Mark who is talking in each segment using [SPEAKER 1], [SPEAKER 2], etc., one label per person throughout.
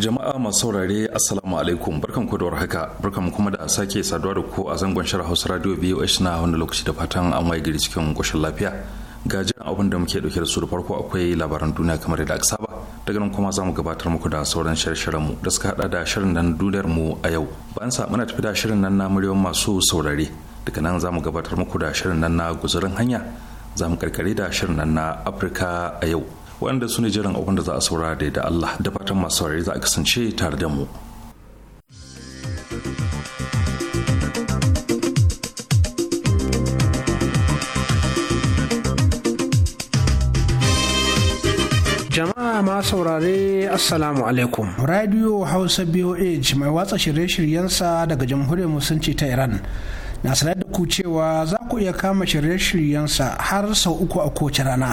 [SPEAKER 1] jama'a masu saurare assalamu alaikum barkan ku da haka barkan kuma da sake saduwa da ku a zangon shirin hausa radio voh na wani lokaci da fatan an waye cikin koshin lafiya ga jiran abin da muke dauke da su da farko akwai labaran duniya kamar da aka saba daga nan kuma za mu gabatar muku da sauran shirye-shiryen mu da suka hada da shirin nan duniyar mu a yau bayan sa muna tafi da shirin nan na muryoyin masu saurare daga nan za mu gabatar muku da shirin nan na guzurin hanya za mu karkare da shirin nan na afirka a yau waɗanda su ne jiran abin da za a saurara da da Allah da fatan masu saurari za a kasance tare da mu.
[SPEAKER 2] Jama'a ma saurare Assalamu alaikum. Radio Hausa BOH mai watsa shirye-shiryensa daga Jamhuriyar Musulunci ta Iran. Na sanar da ku cewa za ku iya kama shirye-shiryensa har sau uku a kowace rana.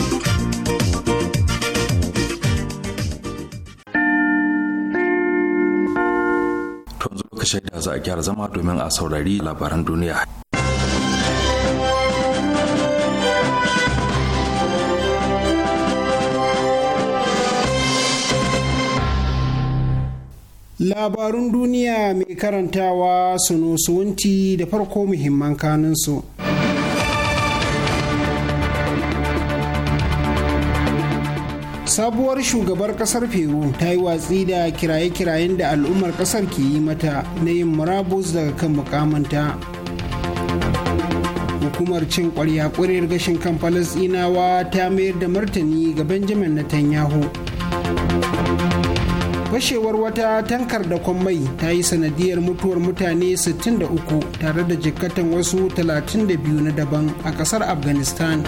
[SPEAKER 1] ka shaida za a gyara zama domin a saurari labaran duniya.
[SPEAKER 3] Labarun duniya mai karantawa sunusuwunti da farko muhimman kanunsu. sabuwar shugabar kasar peru ta yi watsi da kiraye-kirayen da al'ummar kasar ke yi mata na yin murabus daga kan mukamanta hukumar cin kwarya ƙurir gashin kan falasɗinawa ta mayar da martani ga benjamin netanyahu fashewar wata tankar da mai ta yi sanadiyar mutuwar mutane 63 tare da jikkatan wasu 32 na daban a kasar afghanistan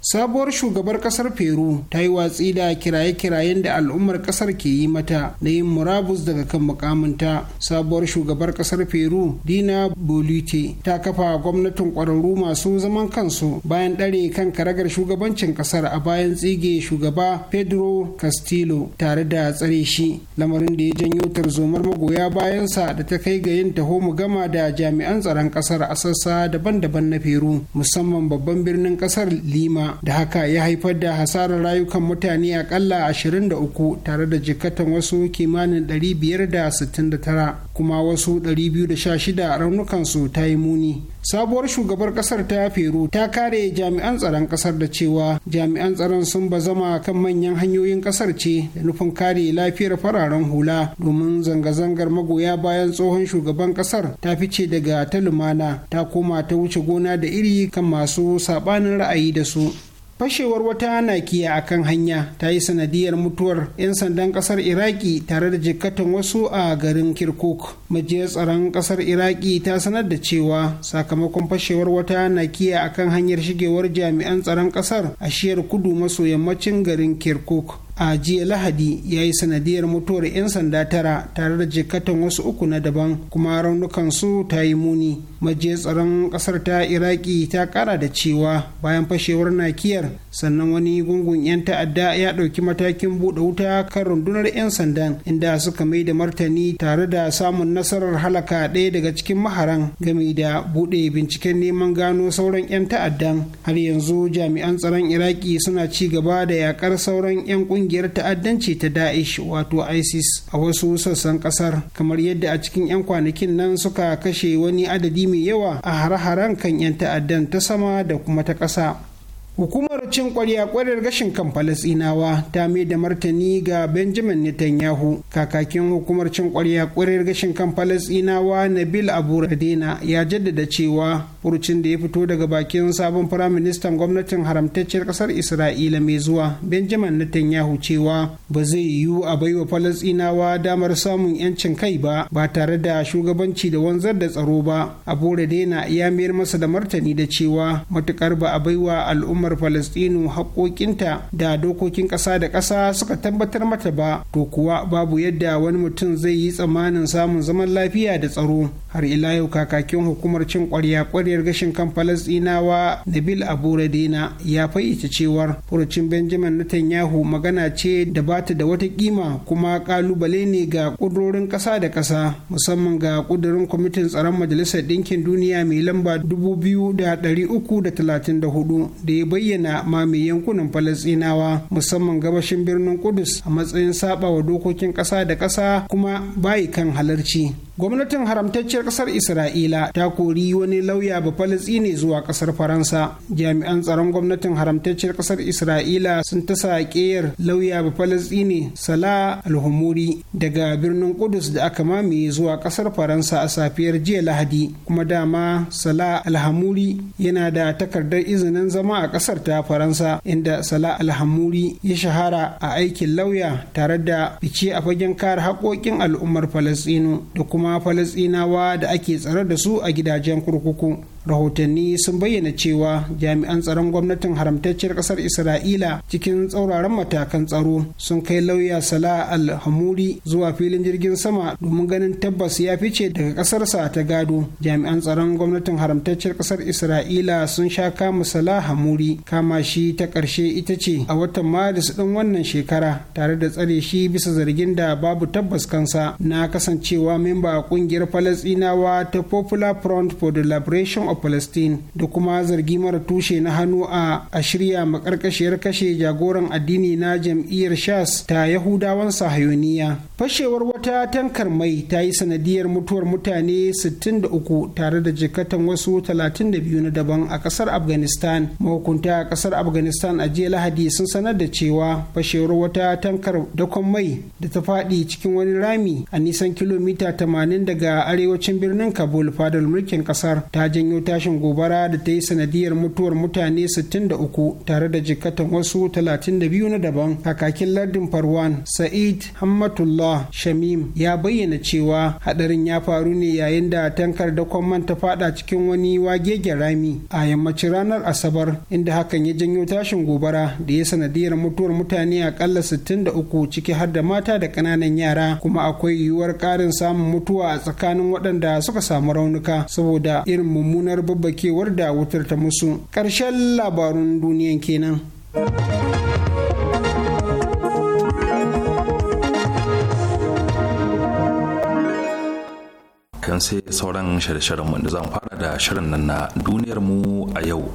[SPEAKER 3] sabuwar shugabar kasar peru ta yi watsi da kiraye-kirayen da al'ummar kasar ke yi mata na yin murabus daga kan mukaminta sabuwar shugabar kasar peru dina bolite ta kafa gwamnatin kwararru masu zaman kansu bayan ɗare kan karagar shugabancin kasar a bayan tsige shugaba pedro castillo tare da tsare shi lamarin da ya janyo tarzomar magoya bayansa da ta kai ga yin taho mu gama da jami'an tsaron kasar a sassa daban-daban na peru musamman babban birnin kasar lima da haka ya haifar da hasarar rayukan mutane akalla 23 tare da jikatan wasu kimanin 569 kuma wasu 216 raunukansu ta yi muni sabuwar shugabar kasar ta peru ta kare jami'an tsaron kasar da cewa jami'an tsaron sun zama kan manyan hanyoyin kasar ce da nufin kare lafiyar fararen hula domin zanga-zangar magoya bayan tsohon shugaban kasar ta fice daga ta lumana ta koma ta wuce gona da iri kan masu saɓanin ra'ayi da su fashewar wata nakiya a kan hanya ta yi sanadiyar mutuwar 'yan sandan kasar iraki tare da jikkatan wasu a garin kirkuk majiyar tsaron kasar iraki ta sanar da cewa sakamakon fashewar wata nakiya a kan hanyar shigewar jami'an tsaron kasar a shiyar kudu maso yammacin garin kirkuk a jiya lahadi ya yi sanadiyar mutuwar 'yan sanda tara tare da jikatan wasu uku na daban kuma raunukan su ta yi muni majiya tsaron kasar ta iraki ta kara da cewa bayan fashewar nakiyar sannan wani gungun 'yan ta'adda ya ɗauki matakin buɗe wuta kan rundunar 'yan sandan inda suka mai da martani tare da samun nasarar halaka ɗaya daga cikin maharan game da buɗe binciken neman gano sauran 'yan ta'addan har yanzu jami'an tsaron iraki suna ci gaba da yakar sauran 'yan ƙungiyar kungiyar ta'addanci ta Daesh wato ISIS a wasu sassan kasar kamar yadda a cikin 'yan kwanakin nan suka kashe wani adadi mai yawa a hare-haren kan 'yan ta'addan ta sama da kuma ta ƙasa. Hukumar cin kwarya kwarar gashin kan Falasinawa ta mai da martani ga Benjamin Netanyahu. Kakakin hukumar cin kwarya kwarar gashin kan Falasinawa Nabil Abu Radina ya jaddada cewa furucin da ya fito daga bakin sabon firaministan gwamnatin haramtacciyar kasar Isra'ila mai zuwa Benjamin Netanyahu cewa ba zai yiwu a baiwa Falasinawa damar samun 'yancin kai ba ba tare da shugabanci da wanzar da tsaro ba. Abu Radina ya mayar masa da martani da cewa matukar ba a baiwa al'ummar al'ummar falastinu haƙoƙinta da dokokin ƙasa da ƙasa suka tabbatar mata ba to kuwa babu yadda wani mutum zai yi tsammanin samun zaman lafiya da tsaro har ila yau kakakin hukumar cin kwarya ƙwaryar gashin kan falastinawa nabil abu radina ya fayyace cewar furucin benjamin netanyahu magana ce da ba ta da wata kima kuma kalubale ne ga ƙudurorin ƙasa da ƙasa musamman ga ƙudurin kwamitin tsaron majalisar ɗinkin duniya mai lamba 2334 da ya bayyana mai yankunan falasinawa musamman gabashin birnin kudus a matsayin saba wa dokokin ƙasa da ƙasa kuma bayi kan halarci gwamnatin haramtacciyar kasar isra'ila ta kori wani lauya ba ne zuwa kasar faransa jami'an tsaron gwamnatin haramtacciyar kasar isra'ila sun ta saƙeyar lauya ba ne salah alhumuri daga birnin kudus da aka mamaye zuwa kasar faransa a safiyar jiya lahadi kuma dama salah alhamuri yana da takardar izinin zama a kasar ta faransa inda salah alhamuri ya shahara a aikin lauya tare da fice a fagen kare haƙoƙin al'ummar falastinu da kuma ma falasinawa da ake tsare da su a gidajen kurkuku rahotanni sun bayyana cewa jami'an tsaron gwamnatin haramtacciyar kasar isra'ila cikin tsauraran matakan tsaro sun kai lauya sala al-hamuri zuwa filin jirgin sama domin ganin tabbas ya fice daga kasarsa ta gado jami'an tsaron gwamnatin haramtacciyar kasar isra'ila sun sha kama sala hamuri kama shi ta karshe ita ce a watan maris din wannan shekara tare da tsare shi bisa zargin da babu tabbas kansa na kasancewa memba kungiyar falasinawa ta popular front for the liberation of palestine da kuma zargi mara tushe na hannu a ashirya shirya makarkashiyar kashe jagoran addini na jam'iyyar shas ta yahudawan sahayoniya fashewar wata tankar mai ta yi sanadiyar mutuwar mutane 63 tare da jikatan wasu 32 na daban a kasar afghanistan mahukunta a kasar afghanistan a jiya lahadi sun sanar da cewa fashewar wata tankar dakon mai da ta faɗi cikin wani rami a nisan kilomita 80 daga arewacin birnin kabul fadar mulkin kasar ta janyo tashin gobara da ta yi sanadiyar mutuwar mutane 63 tare da jikatan wasu 32 na daban kakakin lardin farwan sa'id hammatullah shamim ya bayyana cewa hadarin ya faru ne yayin da tankar dakon man ta fada cikin wani wagegen rami a yammacin ranar asabar inda hakan ya janyo tashin gobara da ya sanadiyar mutuwar mutane akalla 63 ciki har da mata da ƙananan yara kuma akwai yiwuwar ƙarin samun mutuwa a tsakanin waɗanda suka samu raunuka saboda irin mummunan mummunar babbakewar da wutar ta musu ƙarshen labarun duniyan kenan.
[SPEAKER 1] kan sai sauran shirye-shiryen da zan fara da shirin nan na duniyar mu a yau.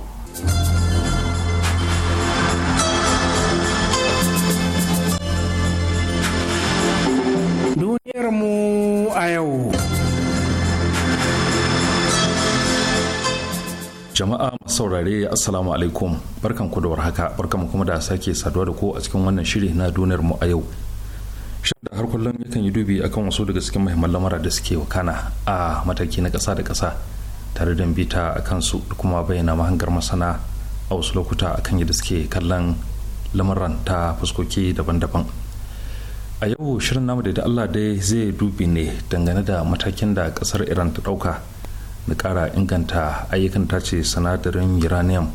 [SPEAKER 4] Duniyar mu
[SPEAKER 2] a yau.
[SPEAKER 1] jama'a saurare assalamu alaikum barkan ku da warhaka barkan mu kuma da sake saduwa da ku a cikin wannan shiri na duniyar mu a yau shirin da har kullum yakan yi dubi akan wasu daga cikin muhimman lamura da suke wakana a mataki na ƙasa da kasa tare da bita a kansu da kuma bayyana mahangar masana a wasu lokuta akan yadda suke kallon lamuran ta fuskoki daban-daban a yau shirin namu da Allah dai zai dubi ne dangane da matakin da ƙasar iran ta ɗauka na kara inganta ayyukan tace sinadarin uranium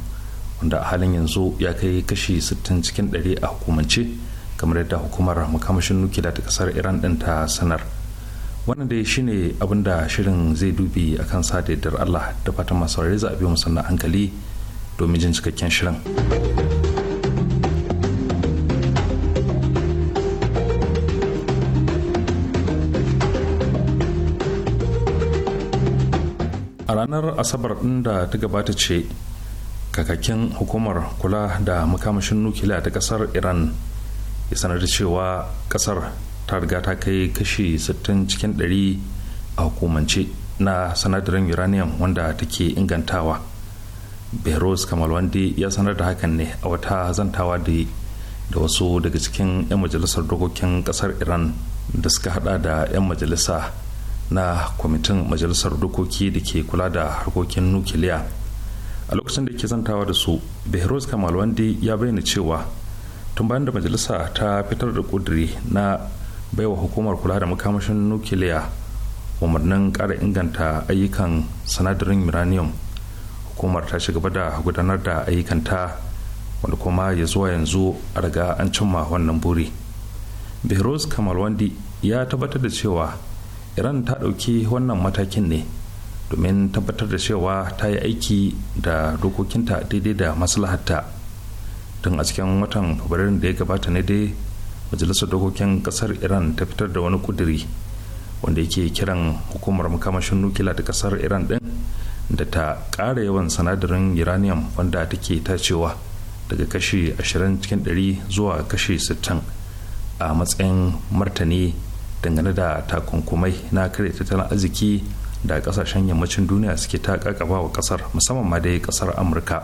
[SPEAKER 1] wanda a halin yanzu ya kai kashi 60 cikin 100 a hukumance kamar yadda hukumar makamashin nukila ta kasar iran din ta sanar wannan dai shine abin da shirin zai dubi akan sa da allah da fatan masu za a biyu musamman hankali domin jin cikakken shirin. ranar asabar ɗin da ta gabata ce kakakin hukumar kula da makamashin nukiliya ta ƙasar iran ya sanar da cewa ƙasar ta riga ta kai kashi 60 cikin 100 a hukumance na sanadarin uranium wanda take ingantawa beros kamalwandi ya sanar da hakan ne a wata zantawa da da wasu daga cikin 'yan majalisar dokokin kasar iran da suka hada da 'yan majalisa na kwamitin majalisar dokoki da ke kula da harkokin nukiliya a lokacin da ke zantawa da su behrouz kamal wandi ya bayyana cewa tun bayan da majalisa ta fitar da kuduri na baiwa hukumar kula da makamashin nukiliya umarnin kara inganta ayyukan sinadarin uranium hukumar ta ci da gudanar da ayyukanta wanda kuma ya zuwa yanzu a riga an cimma wannan buri behrouz wandi ya tabbatar da cewa iran ta ɗauki wannan matakin ne domin tabbatar da cewa ta yi aiki da dokokinta daidai da maslahatta tun a cikin watan fabrairun da ya gabata ne dai majalisar dokokin kasar iran ta fitar da wani kuduri wanda yake kiran hukumar makamashin nukila da kasar iran din da ta kara yawan sanadarin uranium wanda take tacewa daga kashi 20 cikin 100 zuwa kashi 60 a matsayin martani dangane da takunkumai na kare tattalin arziki da kasashen yammacin duniya suke ta kakaba wa kasar musamman ma dai kasar amurka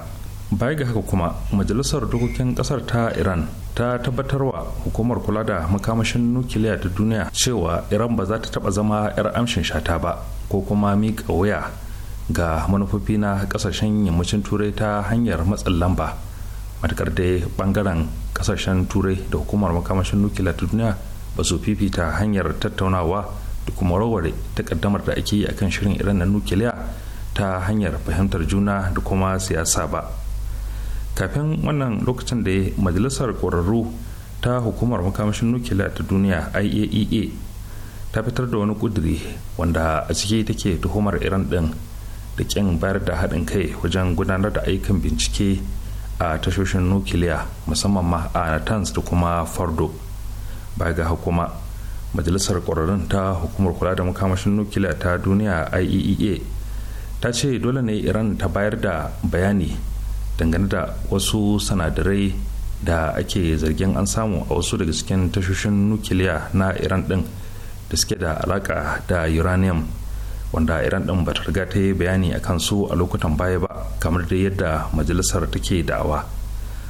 [SPEAKER 1] baya ga haka kuma majalisar dokokin kasar ta iran ta tabbatarwa hukumar kula da makamashin nukiliya ta duniya cewa iran ba za ta taba zama 'yar amshin shata ba ko kuma miƙa waya ga manufofi na kasashen yammacin turai ta hanyar matsin lamba matakar dai ɓangaren kasashen turai da hukumar makamashin nukiliya ta duniya ba su fifita hanyar tattaunawa da kuma rawar takaddamar da ake yi akan shirin iran na nukiliya ta hanyar fahimtar juna da kuma siyasa ba kafin wannan lokacin da majalisar ƙwararru ta hukumar makamashin nukiliya ta duniya iaea e ta fitar da wani kuduri wanda a ciki take tuhumar iran din da kyan bayar da haɗin kai wajen gudanar da aikin bincike a tashoshin nukiliya musamman ma a natanz da kuma fardo baya ga hukuma majalisar ƙwararrun ta hukumar kula da makamashin nukiliya ta duniya iaea e ta ce dole ne iran ta bayar da bayani dangane da wasu sanadarai da ake zargin an samu a wasu daga cikin tashoshin nukiliya na iran din da suke da alaka da uranium wanda iran din ba ta riga ta yi bayani a kansu a lokutan baya ba kamar da yadda majalisar take da'awa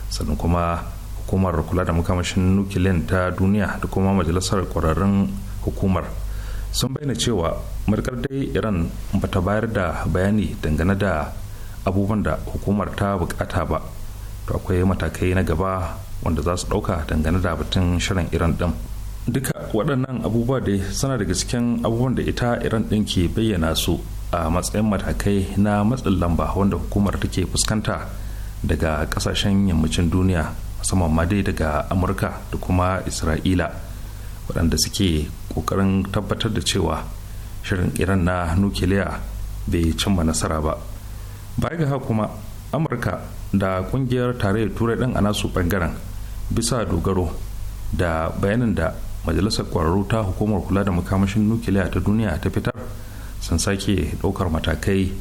[SPEAKER 1] sannan kuma hukumar kula da makamashin nukiliyan ta duniya da kuma majalisar kwararrun hukumar sun bayyana cewa markar dai iran bata bayar da bayani dangane da abubuwan da hukumar ta bukata ba to akwai matakai na gaba wanda za su dauka dangane da batun shirin iran din duka waɗannan abubuwa dai suna daga cikin abubuwan da ita iran din ke bayyana su a matsayin matakai na matsin lamba wanda hukumar take fuskanta daga kasashen yammacin duniya musamman ma dai daga amurka da kuma isra'ila waɗanda suke ƙoƙarin tabbatar da cewa shirin iran na nukiliya bai cimma nasara ba baya ga kuma amurka da ƙungiyar tarayyar turai ɗin a nasu ɓangaren bisa dogaro da bayanin da majalisar ƙwararru ta hukumar kula da makamashin nukiliya ta duniya ta fitar sun sake ɗaukar matakai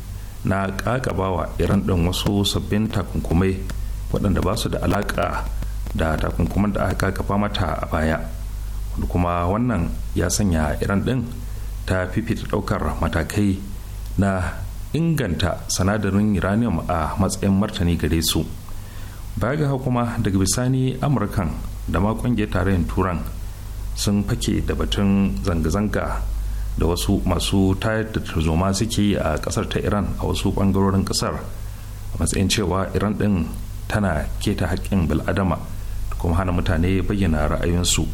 [SPEAKER 1] na ƙaƙabawa iran ɗin wasu sabbin takunkumai waɗanda ba su da alaƙa da takunkuman da aka kafa mata a baya wanda kuma wannan ya sanya iran ɗin ta fifita ɗaukar matakai na inganta sanadarin uranium a matsayin martani gare su baya ga kuma daga bisani amurkan da ma ƙungiyar tarayyar turan sun fake da batun zanga-zanga da wasu masu tayar da tarzoma suke yi a kasar ta iran a wasu ɓangarorin ƙasar a matsayin cewa iran ɗin tana keta haƙƙin bil'adama da kuma hana mutane bayyana ra'ayinsu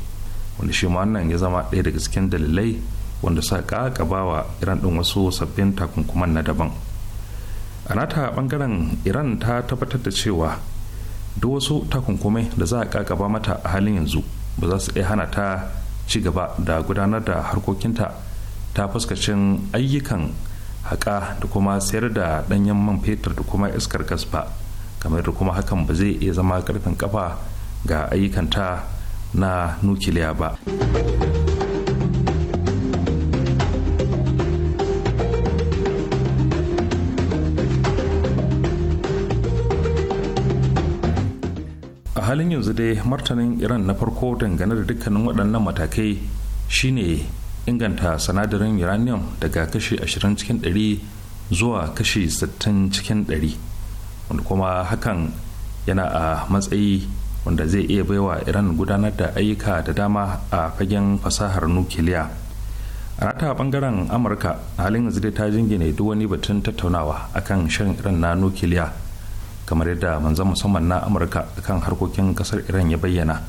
[SPEAKER 1] wanda shi wannan ya zama ɗaya daga cikin dalilai wanda sa bawa iran ɗin wasu sabbin takunkuman na daban a nata ɓangaren iran ta tabbatar da cewa duk wasu takunkumai da za a ƙaƙaba mata a halin yanzu ba za su iya hana ta ci gaba da gudanar da harkokinta ta fuskacin ayyukan haƙa da kuma sayar da ɗanyen man fetur da kuma iskar gas ba kamar da kuma hakan ba zai iya zama karfin kafa ga ayyukanta na nukiliya ba a halin yanzu dai martanin iran na farko dangane da dukkanin waɗannan matakai shine inganta sinadarin uranium daga kashi 20 cikin 100 zuwa kashi 60 cikin 100 wanda kuma hakan yana a matsayi wanda zai iya baiwa iran gudanar da ayyuka da dama a fagen fasahar nukiliya a rata bangaren amurka halin yanzu dai ta jingine duk wani batun tattaunawa akan shirin iran na nukiliya kamar yadda manzan musamman na amurka akan harkokin kasar iran ya bayyana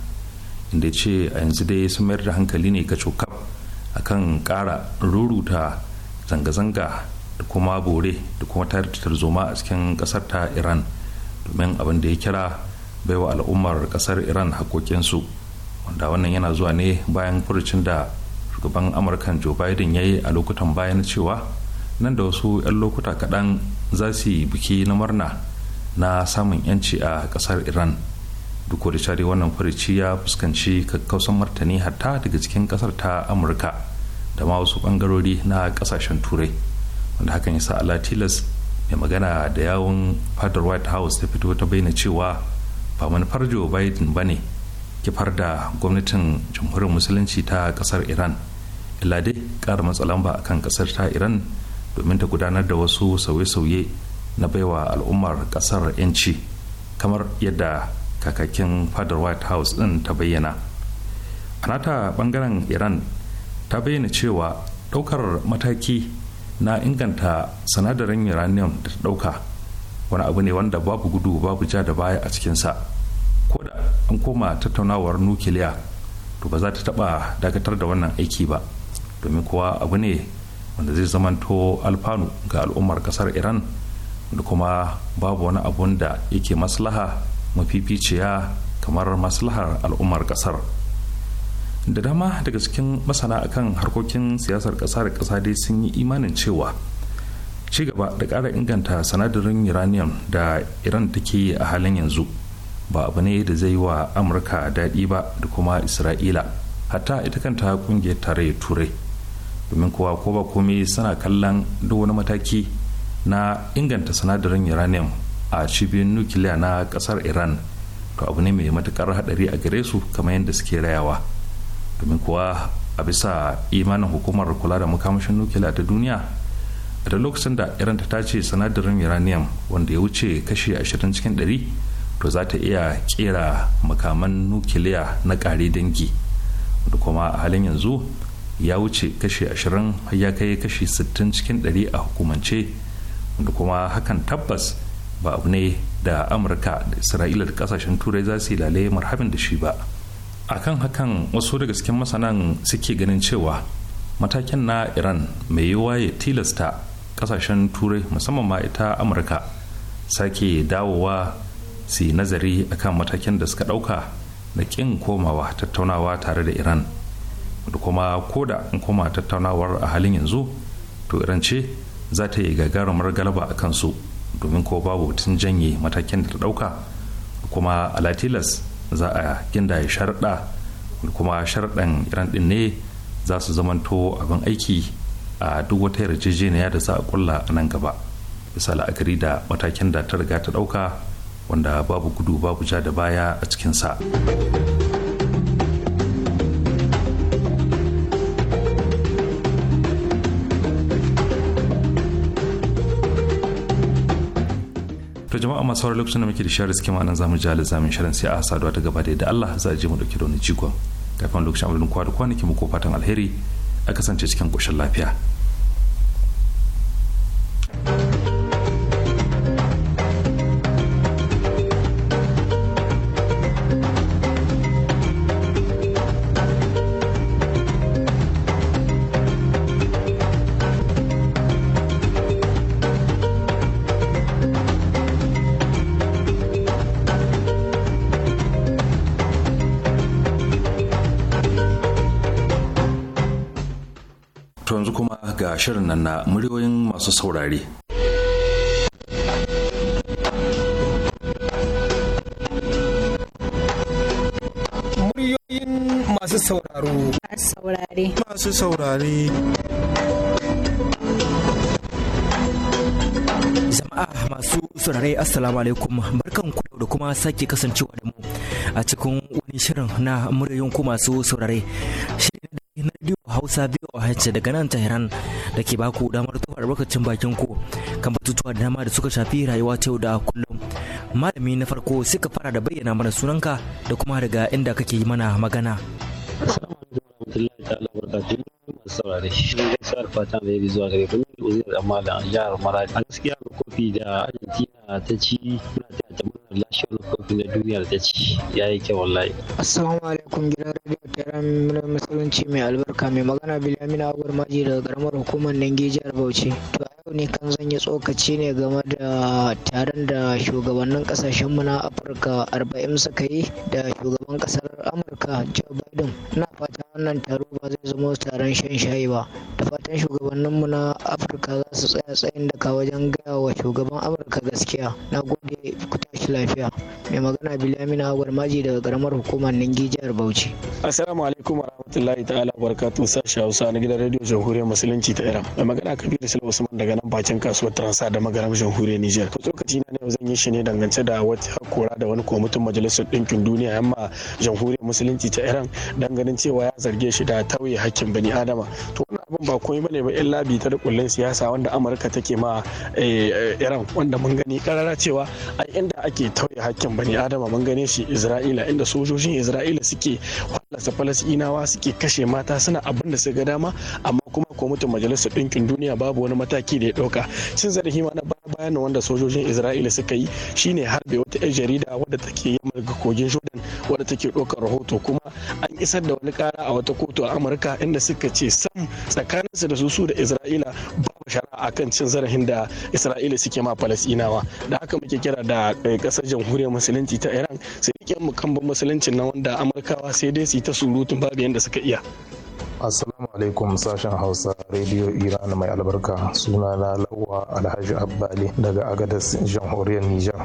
[SPEAKER 1] inda ce a yanzu dai sun mayar da hankali ne ga cokab akan kara ruruta zanga-zanga da kuma bore da kuma tayar da tarzoma a cikin kasar ta iran domin abin da ya kira baiwa al'ummar kasar iran haƙoƙinsu wanda wannan yana zuwa ne bayan furucin da shugaban amurkan joe biden ya yi a lokutan bayan cewa nan da wasu 'yan lokuta kaɗan za su yi biki na murna na samun 'yanci a kasar iran duk da share wannan furuci ya fuskanci kakkausan martani hatta daga cikin kasar ta amurka da ma wasu bangarori na kasashen turai wanda hakan ya sa ala tilas mai magana da yawon fadar white house ta fito ta bayyana cewa ba manufar joe biden ba ne kifar da gwamnatin jamhuriyar musulunci ta kasar iran illa dai kara matsalamba a kan kasar ta iran domin ta gudanar da wasu sauye-sauye na baiwa al'ummar kasar 'yanci kamar yadda kakakin fadar white house din ta bayyana a nata bangaren iran ta bayyana cewa daukar mataki na inganta sinadarin uranium da ta dauka wani abu ne wanda babu gudu babu ja da baya a cikinsa ko da an koma tattaunawar nukiliya to ba za ta taba dakatar da wannan aiki ba domin kowa abu ne wanda zai zamanto alfanu ga al'ummar kasar iran da kuma babu wani abun da yake maslaha mafificiya kamar maslahar al'ummar kasar. da dama daga cikin masana kan harkokin siyasar ƙasa da ƙasa dai sun yi imanin cewa ci gaba da ƙara inganta sanadarin uranium da iran take a halin yanzu ba abu ne da zai wa amurka daɗi ba da kuma isra'ila hatta ita kanta ƙungiyar tare turai domin kowa ko ba komai suna kallon duk wani mataki na inganta sanadarin uranium a cibiyar nukiliya na ƙasar iran to abu ne mai matukar haɗari a gare su kamar yadda suke rayawa domin kuwa a bisa imanin hukumar kula da makamashin nukiliya ta duniya a da lokacin da iran ta tace sanadarin uranium wanda ya wuce kashi 20 cikin 100 to za ta iya kera makaman nukiliya na kare dangi da kuma a halin yanzu ya wuce kashi 20 ya kai kashi 60 cikin 100 a hukumance da kuma hakan tabbas ba abu ne da amurka da isra'ila da kasashen turai za su yi lalaye marhabin da shi ba a kan hakan wasu daga cikin masanan suke ganin cewa matakin na iran mai yiwuwa ya tilasta kasashen turai musamman ma ita amurka sake dawowa su yi nazari akan matakin da suka dauka da kin komawa tattaunawa tare da iran da kuma koda in koma tattaunawar a halin yanzu to iran ce za ta yi gagarumar galaba a kansu domin ko babu tun janye matakin da ta dauka kuma alatilas za a ya sharɗa kuma sharɗan iran ɗin ne za su zamanto abin aiki a duk wata yarjejeniya da za a kulla a nan gaba bisa la'akari da matakin da ta riga ta ɗauka wanda babu gudu babu ja da baya a cikinsa. sa jama'a masu sauran lokacin da muke da shirin suke ma'anan zamu ji alazamin shirin sai a saduwa ta gaba da yadda Allah za a je mu dauke da wani jigon kafin lokacin abin kwa da kwanaki mu kofatan alheri a kasance cikin koshin lafiya. shirin nan na muryoyin masu saurare.
[SPEAKER 5] Muryoyin
[SPEAKER 6] masu sauraro. Masu saurare. Masu jama'a masu saurare assalamu alaikum barkan ku da kuma sake kasancewa da mu a cikin wani shirin na muryoyin ku masu saurare hausa voh daga nan tehran da ke baku damar tufa albarkacin bakin ku kan batutuwa da dama da suka shafi rayuwa ta yau da kullum malami na farko suka fara da bayyana mana sunanka da kuma daga inda kake yi mana magana
[SPEAKER 7] rahmatullahi da lashe kofi na duniyar ta assalamu alaikum
[SPEAKER 8] gidan radio taron na musulunci mai albarka mai magana bilamina agwar maji daga karamar hukumar nange jihar bauchi to a yau ne kan zan yi tsokaci ne game da taron da shugabannin kasashen mu na afirka arba'in suka yi da shugaban kasar amurka joe biden na fata wannan taro ba zai zama taron shan shayi ba da fatan shugabannin mu na afirka za su tsaya tsayin daka wajen gaya wa shugaban amurka gaskiya na gode ku tashi lafiya mai magana bilamina agwar maji daga karamar hukumar ningi jihar bauchi
[SPEAKER 4] assalamu alaikum warahmatullahi ta'ala barakatuh sashi hausa na gidan rediyo jamhuriyar musulunci ta iran mai magana kabiru silva usman daga nan bakin kasuwar transa da magaram jamhuriyar niger to tsokaci na yau zan yi shi ne dangance da wata kora da wani kwamitin majalisar ɗinkin duniya yamma jamhuriyar musulunci ta iran danganin cewa ya zarge shi da tauye hakkin bani adama to abin ba komai bane ba illa ta kullun siyasa wanda amurka take ma eh, eh, iran wanda mun gani karara cewa a inda ake tauye hakkin bani adama mun gane shi isra'ila inda sojojin isra'ila suke fallasa falasinawa suke kashe mata suna abin da su ga dama amma kuma kwamitin majalisar ɗinkin duniya babu wani mataki da ya ɗauka cin zarafi ma na bayan wanda sojojin isra'ila suka yi shine harbe wata 'yan jarida wadda take yamma ga kogin jordan wadda take ɗaukar rahoto kuma an isar da wani kara a wata kotu a amurka inda suka ce sam tsakaninsu da su su da isra'ila babu a kan cin zarafin da isra'ila suke ma falasinawa da haka muke kira da kasar eh, jamhuriyar musulunci ta iran sai rike mu kan musulunci na wanda amurkawa sai dai su yi ta surutun babu yadda suka iya
[SPEAKER 6] Assalamu alaikum sashen Hausa Radio Iran mai albarka suna na Lawa Alhaji Abbali daga Agadas Jamhuriyar Nijar.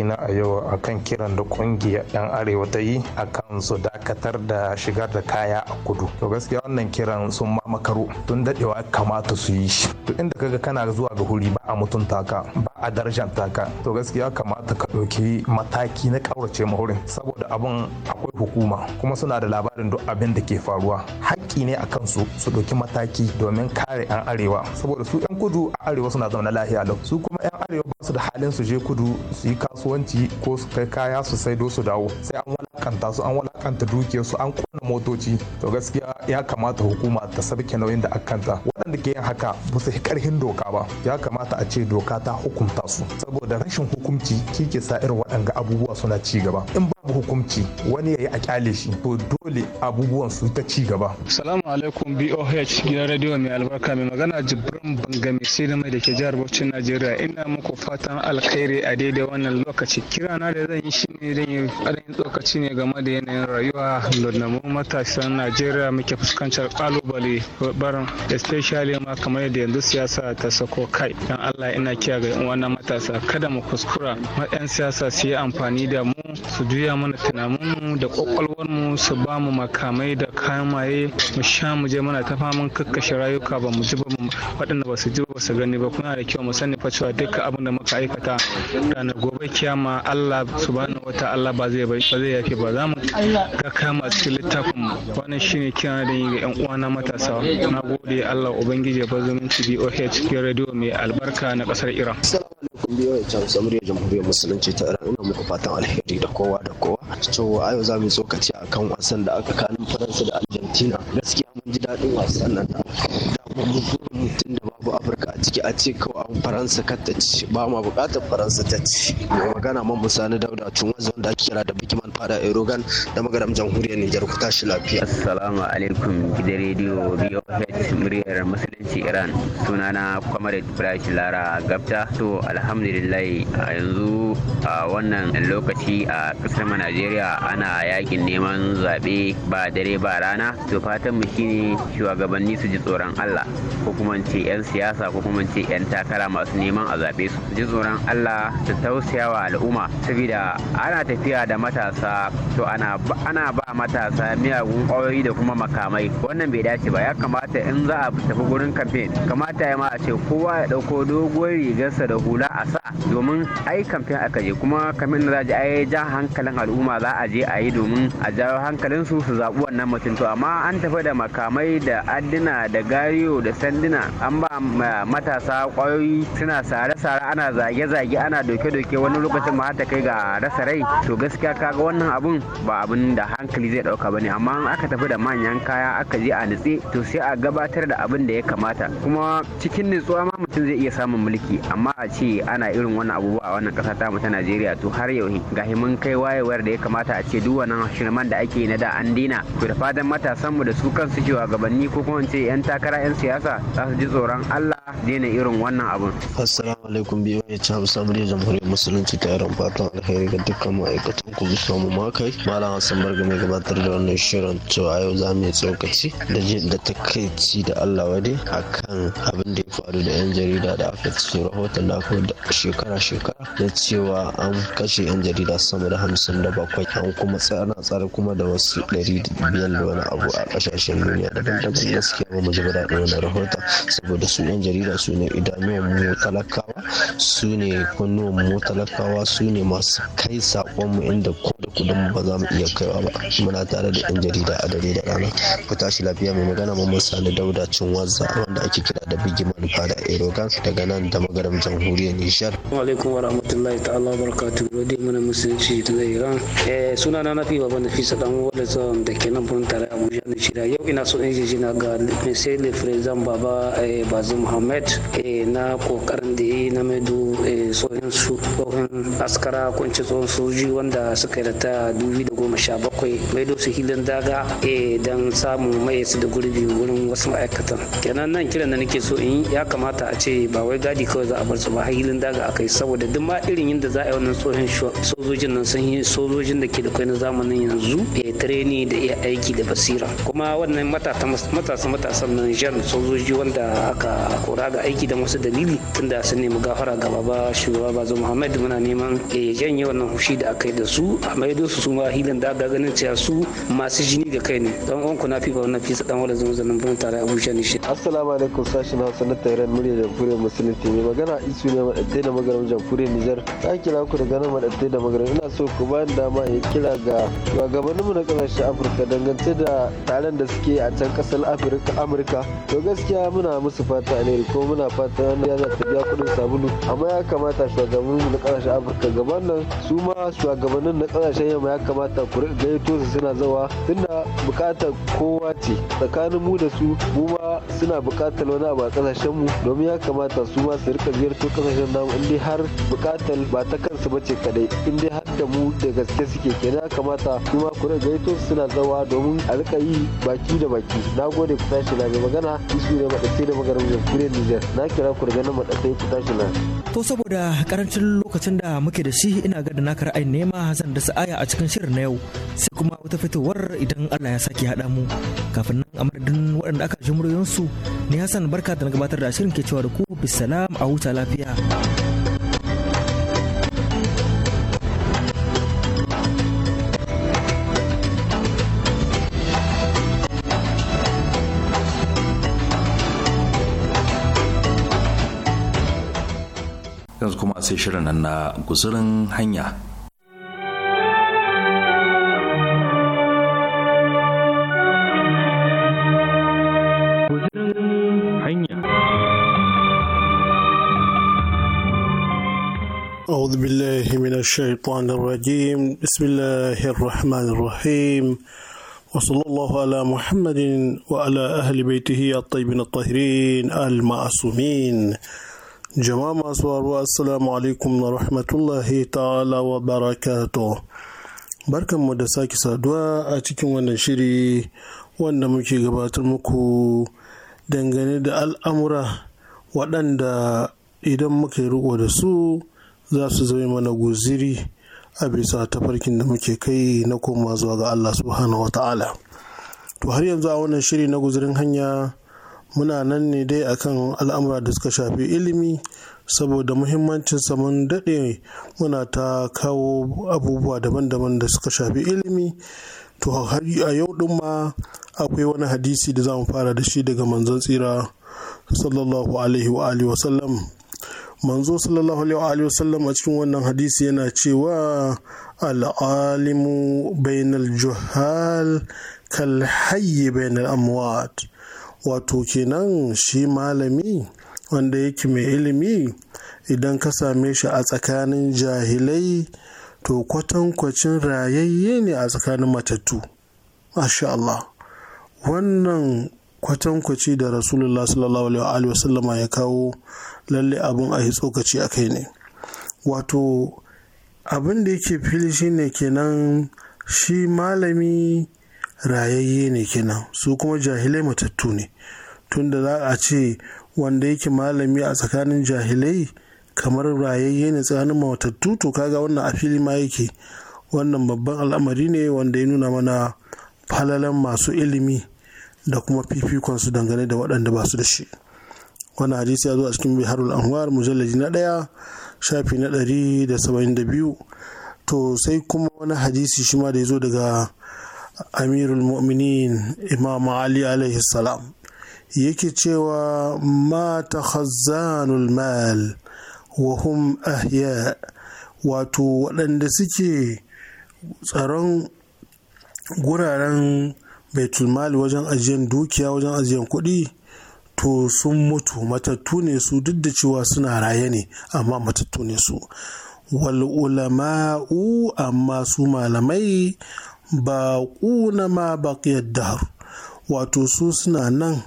[SPEAKER 6] na a yau akan kiran da kungiyar 'yan arewa ta yi a kan su dakatar da shigar da kaya a kudu. To gaskiya wannan kiran sun mamakaro tun dadewa kamata su yi shi. To inda kaga kana zuwa ga huri ba a mutunta ka ba a darajanta ka. To gaskiya kamata ka ɗauki mataki na ƙaurace mahurin saboda abun akwai hukuma kuma suna da labarin duk abin da ke faruwa. Haƙƙi ne ne a kansu su ɗauki mataki domin kare 'yan arewa saboda su 'yan kudu a arewa suna na lahiya lau su kuma 'yan arewa ba su da halin su je kudu su yi kasuwanci ko su kai kaya su saido su dawo sai an walakanta su an walakanta dukiyarsu an kona motoci to gaskiya ya kamata hukuma ta sarke nauyin da akanta waɗanda ke yin haka ba su karhin doka ba ya kamata a ce doka ta hukunta su saboda rashin hukunci kike sa irin waɗanga abubuwa suna ci gaba in hukunci wani ya yi a kyale shi to dole abubuwan su ta ci gaba. Salamu
[SPEAKER 5] alaikum BOH gidan rediyo mai albarka mai magana Jibrin Bangami sai mai da ke jihar Bauchi Najeriya ina muku fatan alkhairi a daidai wannan lokaci. Kirana da zan yi shi ne zan yi ƙarin lokaci ne game da yanayin rayuwa da mu matasan Najeriya muke fuskantar kalubale barin especially ma kamar yadda yanzu siyasa ta sako kai. Dan Allah ina kiyaye ga wannan matasa kada mu kuskura ma 'yan siyasa su yi amfani da mu su juya mana tunaninmu da kwakwalwarmu su ba mu makamai da kayan maye mu sha mu je mana ta faman kakkashe rayuka ba mu ji ba waɗanda ba su ji ba su gani ba kuna da kyau mu sani fa cewa duka abin da muka aikata ranar gobe kiyama Allah subhanahu Allah ba zai ba zai yafe ba za mu ga kama cikin littafin mu wannan shine kiran da yi ga yan na matasa na gode Allah ubangiji ya bazo min BOH cikin radio mai albarka na kasar Iran assalamu
[SPEAKER 8] alaikum BOH Hausa muryar jamhuriyar musulunci ta Iran ina muku fatan alheri da kowa da kowa cewa yau za mu tsokaci a kan wasan da aka kanin faransa da argentina gaskiya mun ji daɗin wasan nan da mutum da babu afirka a ciki a ce kawai an faransa kar ta ci ba ma buƙatar faransa ta ci mai magana man musani dauda cun wanzu da ake kira da bikiman fada erogan da magaram jamhuriyar nijar ku
[SPEAKER 9] tashi lafiya assalamu alaikum gidan rediyo rio muryar musulunci iran sunana comrade brash lara gabta to alhamdulillah a yanzu a wannan lokaci a kasar ma Najeriya ana yakin neman zabe ba dare ba rana to fatan mu shine shugabanni su ji tsoron Allah ko kuma ce 'yan siyasa ko kuma ce 'yan takara masu neman a zaɓe su ji tsoron Allah su wa al'umma saboda ana tafiya da matasa to ana ana ba matasa miyagun kwayoyi da kuma makamai wannan bai dace ba ya kamata in za a tafi gurin kamfen kamata ya ma a ce kowa ya ɗauko doguwar rigarsa da hula a sa domin ai kamfen aka je kuma kamin da za a je ai hankalin al'umma za a je a yi domin a jawo hankalin su su zaɓi wannan mutum to amma an tafi da makamai da adduna da gariyo da sandina an ba matasa ƙwayoyi suna sare-sare ana zage-zage ana doke-doke wani lokacin ma ta kai ga rasa rai to gaskiya kaga wannan abun ba abun da hankali zai ɗauka ba ne amma aka tafi da manyan kaya aka je a nutse to sai a gabatar da abin da ya kamata kuma cikin nutsuwa ma mutum zai iya samun mulki amma a ce ana irin wannan abubuwa a wannan ƙasa ta mu ta Najeriya to har yau gahi mun kai wayewar da ya kamata a ce duk wannan shirman da ake na da an dina ku da matasan matasanmu da su kansu shugabanni ko kuma ce 'yan takara 'yan siyasa za su ji tsoron Allah daina irin wannan abun.
[SPEAKER 8] Assalamu alaikum biyu ya ci Hausa Murya Jamhuriyar Musulunci ta yaran fatan alheri ga dukkan ma'aikatan ku bisa mu makai. Malam Hassan Barga mai gabatar da wannan shirin cewa yau za mu yi tsokaci da jin da takaici da Allah wade kan abin da ya faru da 'yan jarida da aka ci rahoton da aka da shekara-shekara na cewa an kashe 'yan jarida sama da hamsin da bakwai an kuma tsana tsare kuma da wasu ɗari biyar da wani abu a ƙasashen duniya daban-daban gaskiya ba mu ji daɗin wannan rahoton saboda su 'yan jarida jarida su ne mu talakawa su ne mu talakawa su ne masu kai saƙonmu inda ko da kudin ba za mu iya kaiwa ba muna tare da yan jarida a dare da rana ku tashi lafiya mai magana mamman sani dauda cin wazza wanda ake kira da bigi manufa da erogan daga nan da magaram jamhuriyar nishar
[SPEAKER 7] alaikum wa rahmatullahi ta'ala wa barakatuhu radio mana musulunci ta iran eh, suna na nafi baba nafisa dan wanda da ke nan birnin tare abuja na yau ina so in ji na ga sai lefrezan baba eh, bazin muhammad muhammad eh, na kokarin da ya yi na maido eh, tsohon tsohon askara kunci tsohon soji wanda suka yi ta dubi da goma sha bakwai maido su hilin daga eh, don samun mai su da gurbi wurin wasu ma'aikatan kenan nan kiran da nake so in ya kamata a ce ba wai gadi kawai za a bar su ba hilin daga akai saboda duk ma irin yadda za a yi wannan tsohon sojojin nan sun yi sojojin da ke da kai na zamanin yanzu ya tireni da iya aiki da basira kuma wannan matasa matasan nan jan sojoji wanda aka kora ga aiki da masu dalili tunda sun nemi gafara ga baba shugaba bazo muhammad muna neman ya janye wannan hushi da aka yi da su a maido su suma hilin da ga ganin cewa su masu jini da kai ne dan uwan ku na fifa wannan fisa dan wala zuwa nan bin tare abuja ne shi assalamu alaikum na hausa na
[SPEAKER 10] tairan murya jamhuriyar musulunci ne magana isu ne madaddai da magaram jamhuriyar nijar ta kira ku da ganin madaddai da magaram ina so ku bani dama ya kira ga shugabanninmu na kasashe afirka dangance da taron da suke a can kasar afirka amurka to gaskiya muna musu fata ne ko muna fatan wani ya zata ta biya kuɗin sabulu amma ya kamata shugabannin na ƙasashen afirka gaban nan su ma shugabannin na ƙasashen yamma ya kamata ku gaito su suna zawa tunda buƙatar kowa ce tsakanin mu da su mu ma suna buƙatar wani abu a kasashen mu domin ya kamata su ma su rika ziyartar ƙasashen namu in dai har buƙatar ba ta kansu ba ce kadai in dai har da mu da gaske suke kenan ya kamata su ma ku gaito su suna zawa domin a rika yi baki da baki na gode ku tashi na magana isu ne ba da magarin jamhuriyar Nijar na kira ku daga nan matsatsai ku tashi nan.
[SPEAKER 6] To saboda karancin lokacin da muke da shi ina ga da na ai nema zan da sa'aya a cikin shirin na yau sai kuma wata fitowar idan Allah ya sake haɗa mu kafin nan a madadin waɗanda aka ji muryoyinsu ni Hassan barka da na gabatar da shirin ke cewa da ku bisalam a huta lafiya.
[SPEAKER 1] sai shirin nan na guzurin hanya
[SPEAKER 4] أعوذ بالله من
[SPEAKER 11] الشيطان الرجيم بسم الله الرحمن الرحيم وصلى الله على محمد وعلى أهل بيته الطيبين الطاهرين المعصومين jama'a masu waro assalamu alaikum wa rahmatullahi ta'ala wa barakato barkanmu da sake saduwa a cikin wannan shiri wanda muke gabatar muku dangane da al'amura waɗanda idan muka yi riko da su za su zama mana guziri a bisa tafarkin da muke kai na koma zuwa ga Allah subhanahu wa ta'ala to har yanzu a wannan shiri na guzirin hanya muna nan ne dai akan al'amura da suka shafi ilimi saboda muhimmancin mun daɗe muna ta kawo abubuwa daban-daban da suka shafi ilimi to a yau ɗin ma akwai wani hadisi da za mu fara da shi daga manzon tsira sallallahu alaihi wa alihi wasallam manzo sallallahu alaihi wa sallam a cikin wannan hadisi yana cewa al'alimu bainal juhal kal hayyi bainal amwat wato kenan shi malami wanda yake mai ilimi idan ka same shi a tsakanin jahilai to kwatankwacin rayayye ne a tsakanin matattu masha Allah wannan kwatankwaci da rasulullah sallallahu alaihi wasallama ya kawo lalle abin a tsokaci a kai ne wato abin da yake fili shine kenan shi malami rayayye ne kenan su kuma jahilai matattu ne tunda za a ce wanda yake malami a tsakanin jahilai kamar rayayye ne tsakanin matattu to kaga wannan a fili ma yake wannan babban al'amari ne wanda ya nuna mana falalan masu ilimi da kuma fifikonsu dangane da waɗanda ba su da shi wani hadisi ya zo a cikin biharul anwar mujallaji na ɗaya shafi na ɗari da saba'in da biyu to sai kuma wani hadisi shi ma da ya zo daga amirul mu'minin imam ali alaihi salam yake cewa mata khazanul mal wa hum ahya wato waɗanda suke tsaron guraren baitulmali wajen ajiyar dukiya wajen ajiyar kuɗi to sun mutu matattu ne su duk da cewa suna raye ne amma matattu ne su wal ulama'u amma su malamai baƙuna ma baƙiyar dahar wato su suna nan